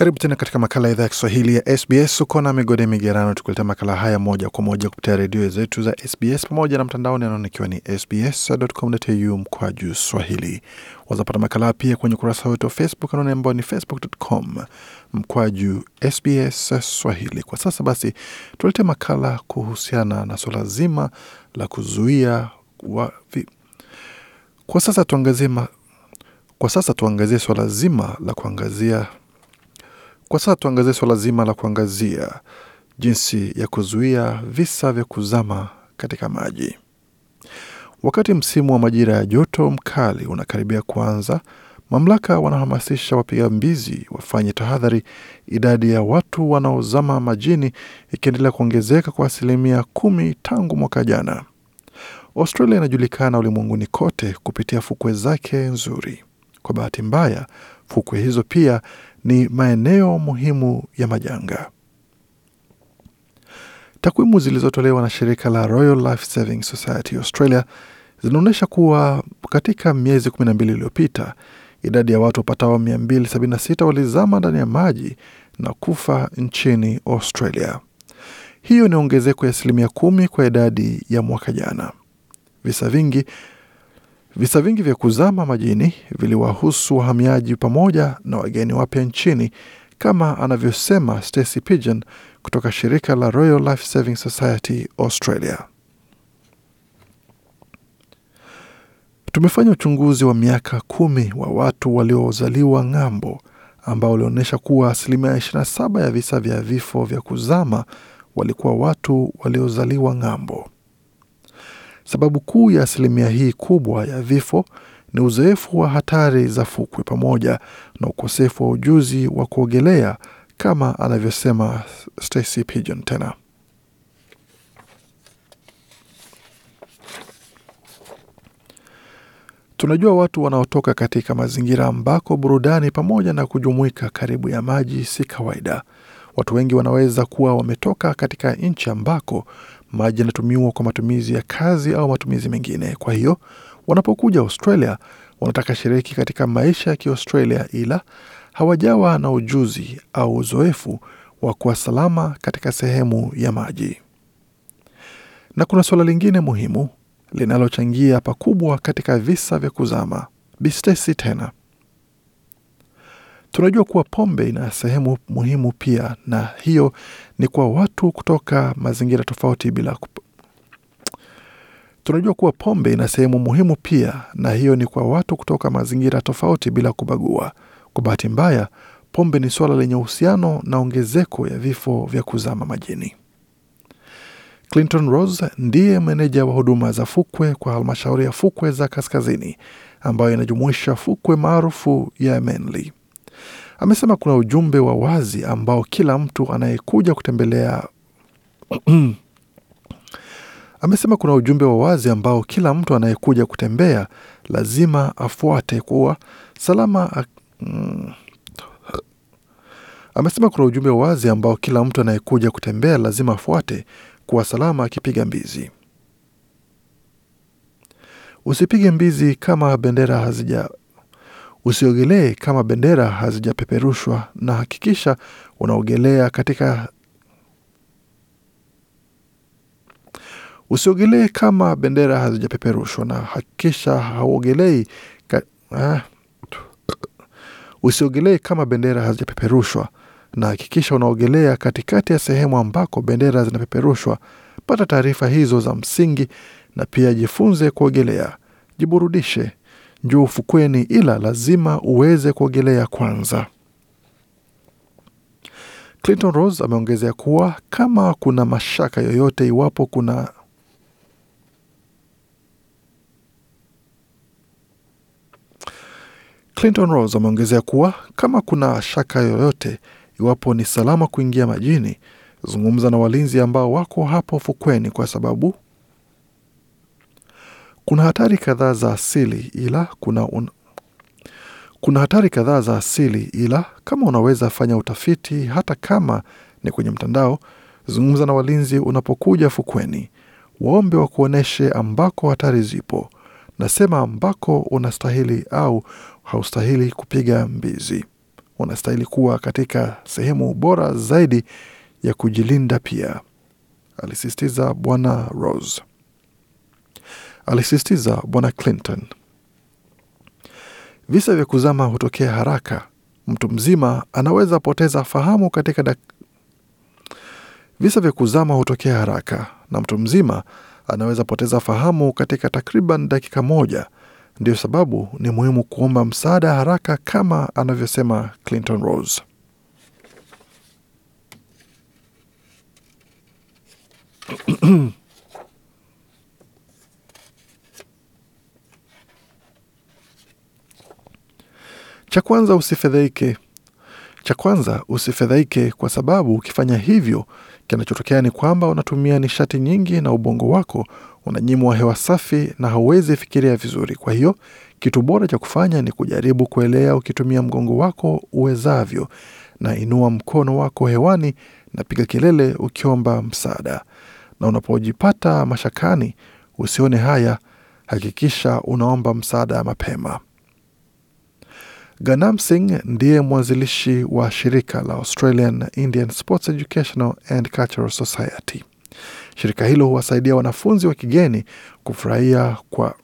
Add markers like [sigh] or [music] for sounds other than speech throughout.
Karibu tena katika makala ya idhaa ya Kiswahili ya SBS. Uko na Migode Migerano tukuletea makala haya moja kwa moja kupitia redio zetu za SBS pamoja na mtandaoni ikiwa ni sbs.com.au mkwa juu swahili. Wazapata makala pia kwenye ukurasa wetu wa Facebook anaoni ambao ni facebook.com mkwa juu SBS swahili. Kwa sasa basi, tuletee makala kuhusiana na swala zima la kuzuia wa... kwa sasa tuangazie ma... kwa sasa tuangazie swala zima la kuangazia kwa sasa tuangazie swala zima la kuangazia jinsi ya kuzuia visa vya kuzama katika maji. Wakati msimu wa majira ya joto mkali unakaribia kuanza, mamlaka wanahamasisha wapiga mbizi wafanye tahadhari, idadi ya watu wanaozama majini ikiendelea kuongezeka kwa asilimia kumi tangu mwaka jana. Australia inajulikana ulimwenguni kote kupitia fukwe zake nzuri. Kwa bahati mbaya, fukwe hizo pia ni maeneo muhimu ya majanga. Takwimu zilizotolewa na shirika la Royal Life Saving Society Australia zinaonyesha kuwa katika miezi 12 iliyopita idadi ya watu wapatao 276 walizama ndani ya maji na kufa nchini Australia. Hiyo ni ongezeko ya asilimia kumi kwa idadi ya mwaka jana. Visa vingi Visa vingi vya kuzama majini viliwahusu wahamiaji pamoja na wageni wapya nchini, kama anavyosema Stacy Pigeon kutoka shirika la Royal Life Saving Society Australia. Tumefanya uchunguzi wa miaka kumi wa watu waliozaliwa ng'ambo ambao ulionyesha kuwa asilimia 27 ya visa vya vifo vya kuzama walikuwa watu waliozaliwa ng'ambo. Sababu kuu ya asilimia hii kubwa ya vifo ni uzoefu wa hatari za fukwe pamoja na ukosefu wa ujuzi wa kuogelea kama anavyosema Stacy Pigeon tena. Tunajua watu wanaotoka katika mazingira ambako burudani pamoja na kujumuika karibu ya maji si kawaida. Watu wengi wanaweza kuwa wametoka katika nchi ambako maji yanatumiwa kwa matumizi ya kazi au matumizi mengine. Kwa hiyo wanapokuja Australia wanataka shiriki katika maisha ya Kiaustralia, ila hawajawa na ujuzi au uzoefu wa kuwa salama katika sehemu ya maji. Na kuna suala lingine muhimu linalochangia pakubwa katika visa vya kuzama. Bistesi tena Tunajua kuwa pombe ina sehemu muhimu pia, na hiyo ni kwa watu kutoka mazingira tofauti bila kup... tunajua kuwa pombe ina sehemu muhimu pia, na hiyo ni kwa watu kutoka mazingira tofauti bila kubagua. Kwa bahati mbaya, pombe ni suala lenye uhusiano na ongezeko ya vifo vya kuzama majini. Clinton Rose ndiye meneja wa huduma za fukwe kwa halmashauri ya fukwe za kaskazini ambayo inajumuisha fukwe maarufu ya Manly. Amesema kuna ujumbe wa wazi ambao kila mtu anayekuja kutembelea [clears throat] amesema kuna ujumbe wa wazi ambao kila mtu anayekuja kutembea lazima afuate kuwa salama. Mm. [clears throat] Amesema kuna ujumbe wa wazi ambao kila mtu anayekuja kutembea lazima afuate kuwa salama akipiga mbizi. Usipige mbizi kama bendera hazija Usiogelee kama bendera hazijapeperushwa, na hakikisha unaogelea katika usiogelee kama bendera hazijapeperushwa na hakikisha hauogelei ka... ah. Usiogelee kama bendera hazijapeperushwa na hakikisha unaogelea katikati ya sehemu ambako bendera zinapeperushwa. Pata taarifa hizo za msingi na pia jifunze kuogelea, jiburudishe njoo ufukweni, ila lazima uweze kuogelea kwanza. Clinton Rose ameongezea kuwa kama kuna mashaka yoyote iwapo kuna Clinton Rose ameongezea kuwa kama kuna shaka yoyote iwapo ni salama kuingia majini, zungumza na walinzi ambao wako hapo fukweni, kwa sababu kuna hatari kadhaa za asili ila kuna un... kuna hatari kadhaa za asili ila kama unaweza fanya utafiti, hata kama ni kwenye mtandao. Zungumza na walinzi unapokuja fukweni, waombe wa kuonyeshe ambako hatari zipo, nasema ambako unastahili au haustahili kupiga mbizi. Unastahili kuwa katika sehemu bora zaidi ya kujilinda pia, alisisitiza Bwana Rose alisisitiza Bwana Clinton. Visa vya kuzama hutokea haraka. Mtu mzima anaweza poteza fahamu katika dak... visa vya kuzama hutokea haraka na mtu mzima anaweza poteza fahamu katika takriban dakika moja. Ndiyo sababu ni muhimu kuomba msaada haraka, kama anavyosema Clinton Rose. [clears throat] Cha kwanza usifedheike. Cha kwanza usifedheike, kwa sababu ukifanya hivyo, kinachotokea ni kwamba unatumia nishati nyingi na ubongo wako unanyimwa hewa safi na hauwezi fikiria vizuri. Kwa hiyo kitu bora cha kufanya ni kujaribu kuelea ukitumia mgongo wako uwezavyo, na inua mkono wako hewani na piga kelele ukiomba msaada. Na unapojipata mashakani, usione haya, hakikisha unaomba msaada mapema. Ganam Singh ndiye mwanzilishi wa shirika la Australian Indian Sports Educational and Cultural Society. Shirika hilo huwasaidia wanafunzi wa kigeni kufurahia kwa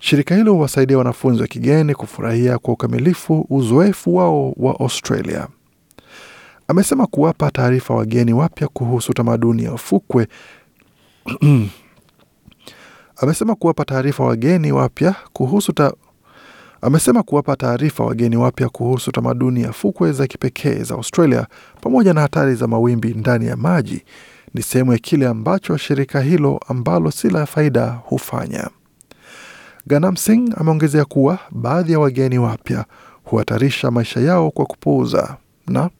Shirika hilo huwasaidia wanafunzi wa kigeni kufurahia kwa ukamilifu uzoefu wao wa Australia. Amesema kuwapa taarifa wageni wapya kuhusu tamaduni ya ufukwe [clears throat] amesema kuwapa taarifa wageni wapya kuhusu ta amesema kuwapa taarifa wageni wapya kuhusu tamaduni ya fukwe za kipekee za Australia pamoja na hatari za mawimbi ndani ya maji ni sehemu ya kile ambacho shirika hilo ambalo si la faida hufanya. Ganam Singh ameongezea kuwa baadhi ya wageni wapya huhatarisha maisha yao kwa kupuuza na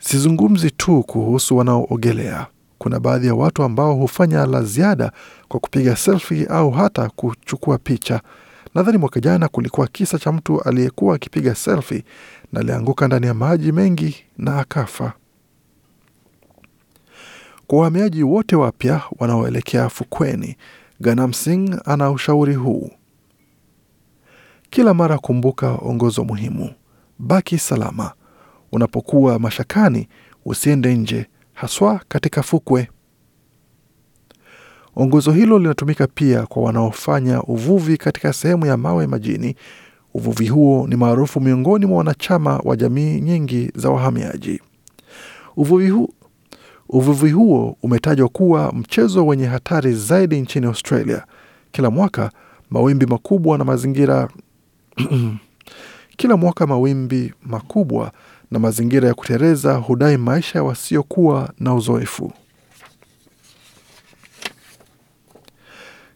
sizungumzi tu kuhusu wanaoogelea kuna baadhi ya watu ambao hufanya la ziada kwa kupiga selfie au hata kuchukua picha. Nadhani mwaka jana kulikuwa kisa cha mtu aliyekuwa akipiga selfie na alianguka ndani ya maji mengi na akafa. Kwa wahamiaji wote wapya wanaoelekea fukweni, Ganam Singh ana ushauri huu: kila mara kumbuka ongozo muhimu, baki salama. Unapokuwa mashakani, usiende nje, haswa katika fukwe. Ongozo hilo linatumika pia kwa wanaofanya uvuvi katika sehemu ya mawe majini. Uvuvi huo ni maarufu miongoni mwa wanachama wa jamii nyingi za wahamiaji. Uvuvi, hu... uvuvi huo umetajwa kuwa mchezo wenye hatari zaidi nchini Australia. Kila mwaka mawimbi makubwa na mazingira [clears throat] kila mwaka mawimbi makubwa na mazingira ya kutereza hudai maisha wasiokuwa na uzoefu.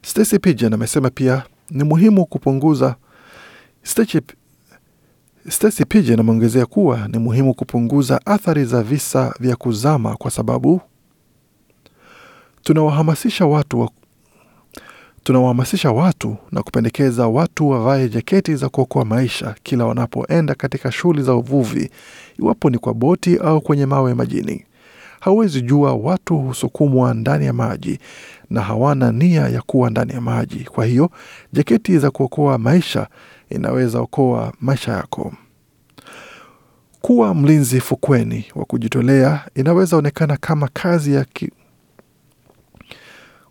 Stacy amesema pia ni muhimu kupunguza. Stacy Pijan ameongezea kuwa ni muhimu kupunguza athari za visa vya kuzama kwa sababu tunawahamasisha watu Tunawahamasisha watu na kupendekeza watu wavae jaketi za kuokoa maisha kila wanapoenda katika shughuli za uvuvi, iwapo ni kwa boti au kwenye mawe majini. Hawezi jua watu husukumwa ndani ya maji na hawana nia ya kuwa ndani ya maji. Kwa hiyo jaketi za kuokoa maisha inaweza okoa maisha yako. Kuwa mlinzi fukweni wa kujitolea inaweza onekana kama kazi ya ki,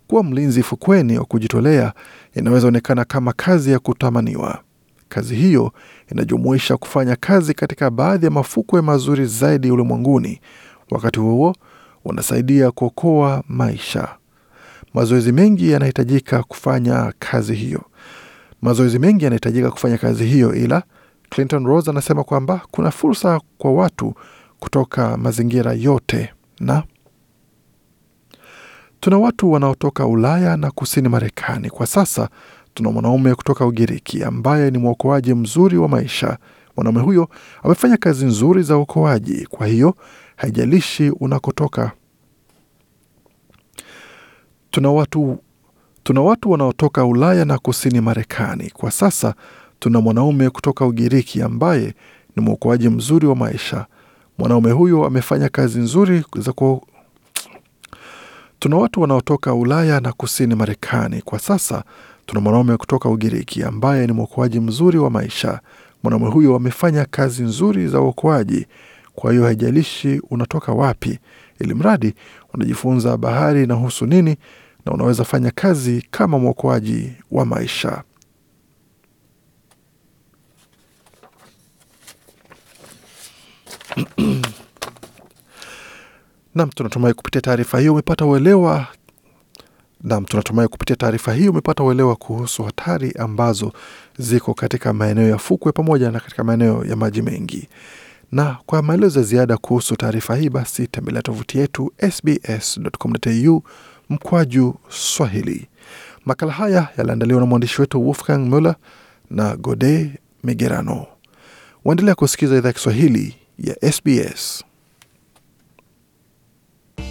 kuwa mlinzi fukweni wa kujitolea inaweza onekana kama kazi ya kutamaniwa. Kazi hiyo inajumuisha kufanya kazi katika baadhi ya mafukwe mazuri zaidi ulimwenguni. Wakati huo unasaidia kuokoa maisha. Mazoezi mengi yanahitajika kufanya kazi hiyo, mazoezi mengi yanahitajika kufanya kazi hiyo, ila Clinton Rose anasema kwamba kuna fursa kwa watu kutoka mazingira yote na Tuna watu wanaotoka Ulaya na kusini Marekani. Kwa sasa tuna mwanaume kutoka Ugiriki ambaye ni mwokoaji mzuri wa maisha. Mwanaume huyo amefanya kazi nzuri za uokoaji, kwa hiyo haijalishi unakotoka. Tuna watu, tuna watu wanaotoka Ulaya na kusini Marekani. Kwa sasa tuna mwanaume kutoka Ugiriki ambaye ni mwokoaji mzuri wa maisha. Mwanaume huyo amefanya kazi nzuri za ku Tuna watu wanaotoka Ulaya na kusini Marekani. Kwa sasa tuna mwanaume kutoka Ugiriki ambaye ni mwokoaji mzuri wa maisha. Mwanaume huyo amefanya kazi nzuri za uokoaji, kwa hiyo haijalishi unatoka wapi, ili mradi unajifunza bahari inahusu nini na unaweza fanya kazi kama mwokoaji wa maisha. [clears throat] Nam, tunatumai kupitia taarifa hiyo umepata uelewa Nam, tunatumai kupitia taarifa hii umepata uelewa kuhusu hatari ambazo ziko katika maeneo ya fukwe pamoja na katika maeneo ya maji mengi. Na kwa maelezo ya ziada kuhusu taarifa hii, basi tembelea tovuti yetu sbs.com.au mkwaju Swahili. Makala haya yaliandaliwa na mwandishi wetu Wolfgang Muller na Gode Migerano. Waendelea kusikiza idhaa ya Kiswahili ya SBS.